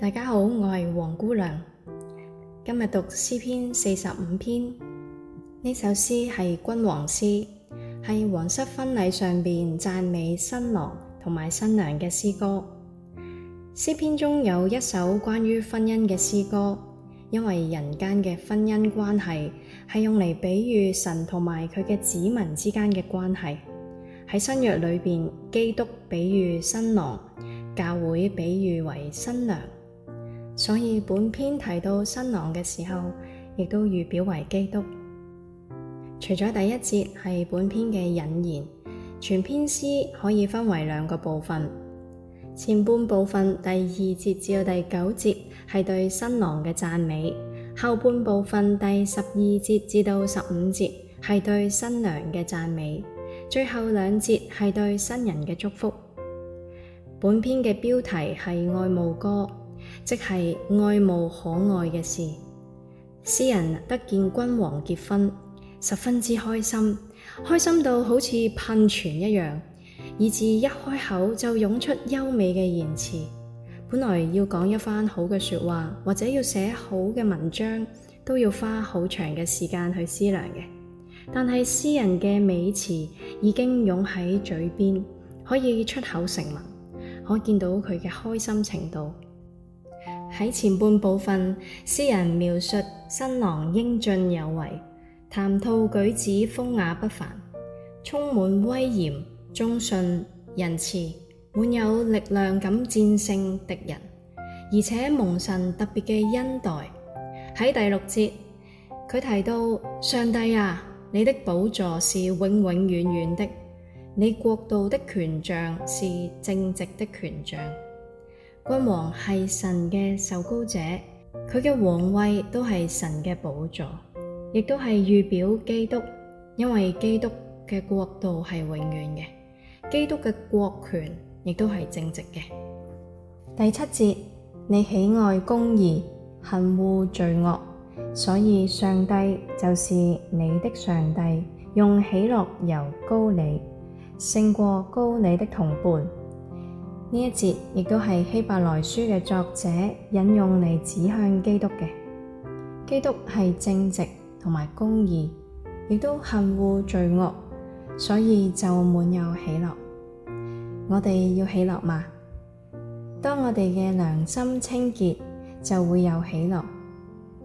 大家好，我係黃姑娘。今日讀詩篇四十五篇，呢首詩係君王詩，係皇室婚禮上邊讚美新郎同埋新娘嘅詩歌。詩篇中有一首關於婚姻嘅詩歌，因為人間嘅婚姻關係係用嚟比喻神同埋佢嘅子民之間嘅關係。喺新約裏邊，基督比喻新郎，教會比喻為新娘。所以本篇提到新郎嘅時候，亦都預表為基督。除咗第一節係本篇嘅引言，全篇詩可以分為兩個部分。前半部分第二節至到第九節係對新郎嘅讚美，後半部分第十二節至到十五節係對新娘嘅讚美，最後兩節係對新人嘅祝福。本篇嘅標題係愛慕歌。即係愛慕可愛嘅事，詩人得見君王結婚，十分之開心，開心到好似噴泉一樣，以至一開口就湧出優美嘅言辭。本來要講一番好嘅說話，或者要寫好嘅文章，都要花好長嘅時間去思量嘅，但係詩人嘅美詞已經湧喺嘴邊，可以出口成文，可見到佢嘅開心程度。喺前半部分，詩人描述新郎英俊有為，談吐舉止風雅不凡，充滿威嚴、忠信、仁慈，滿有力量咁戰勝敵人，而且蒙神特別嘅恩待。喺第六節，佢提到：上帝啊，你的寶座是永永遠遠的，你國度的權杖是正直的權杖。君王係神嘅受膏者，佢嘅皇位都係神嘅寶座，亦都係預表基督，因為基督嘅國度係永遠嘅，基督嘅國權亦都係正直嘅。第七節，你喜愛公義，恨惡罪惡，所以上帝就是你的上帝，用喜樂油膏你，勝過膏你的同伴。呢一節亦都係希伯來書嘅作者引用嚟指向基督嘅。基督係正直同埋公義，亦都恨惡罪惡，所以就滿有喜樂。我哋要喜樂嘛？當我哋嘅良心清潔，就會有喜樂。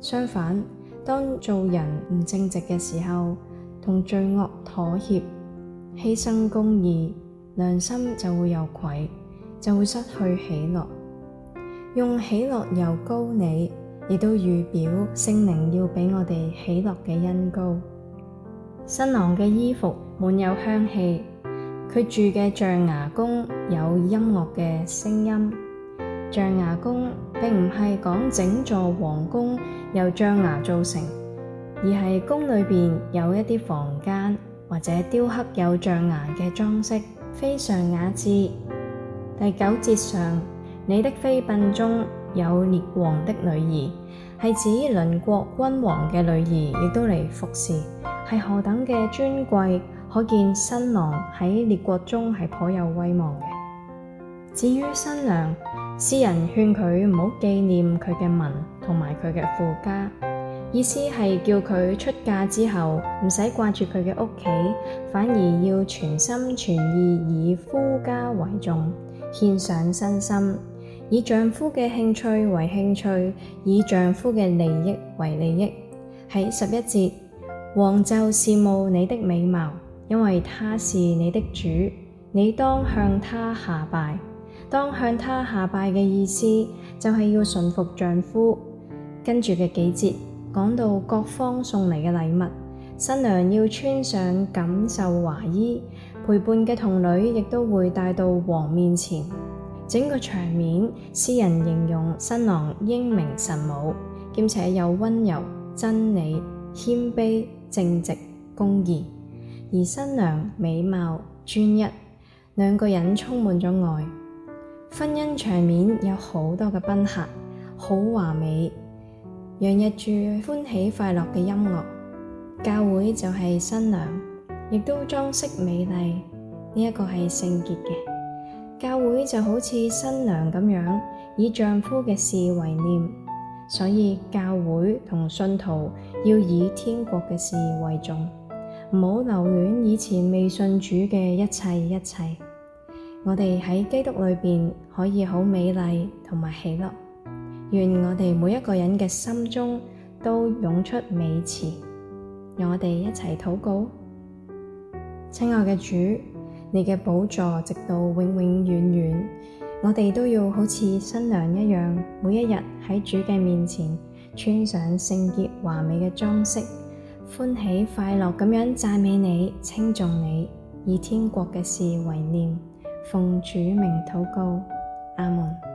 相反，當做人唔正直嘅時候，同罪惡妥協、犧牲公義，良心就會有愧。就會失去喜樂，用喜樂油膏你，亦都預表聖靈要俾我哋喜樂嘅恩膏。新郎嘅衣服滿有香氣，佢住嘅象牙宮有音樂嘅聲音。象牙宮並唔係講整座皇宮由象牙造成，而係宮裏面有一啲房間或者雕刻有象牙嘅裝飾，非常雅致。第九節上，你的妃嬪中有列王的女兒，係指鄰國君王嘅女兒，亦都嚟服侍，係何等嘅尊貴，可見新郎喺列國中係頗有威望嘅。至於新娘，詩人勸佢唔好紀念佢嘅民同埋佢嘅父家，意思係叫佢出嫁之後唔使掛住佢嘅屋企，反而要全心全意以夫家為重。獻上身心，以丈夫嘅興趣為興趣，以丈夫嘅利益為利益。喺十一節，王就羨慕你的美貌，因為他是你的主，你當向他下拜。當向他下拜嘅意思就係要順服丈夫。跟住嘅幾節講到各方送嚟嘅禮物，新娘要穿上錦繡華衣。陪伴嘅童女亦都會帶到王面前，整個場面，詩人形容新郎英明神武，兼且有溫柔、真理、謙卑、正直、公義；而新娘美貌、專一，兩個人充滿咗愛。婚姻場面有好多嘅賓客，好華美，洋溢住歡喜快樂嘅音樂。教會就係新娘。亦都裝飾美麗，呢一個係聖潔嘅教會就好似新娘咁樣，以丈夫嘅事為念，所以教會同信徒要以天國嘅事為重，唔好留戀以前未信主嘅一切一切。我哋喺基督裏邊可以好美麗同埋喜樂，願我哋每一個人嘅心中都湧出美詞，讓我哋一齊禱告。親愛的主，你嘅寶座直到永永遠遠，我哋都要好似新娘一樣，每一日喺主嘅面前穿上聖潔華美嘅裝飾，歡喜快樂咁樣讚美你、稱頌你，以天國嘅事為念，奉主名禱告，阿門。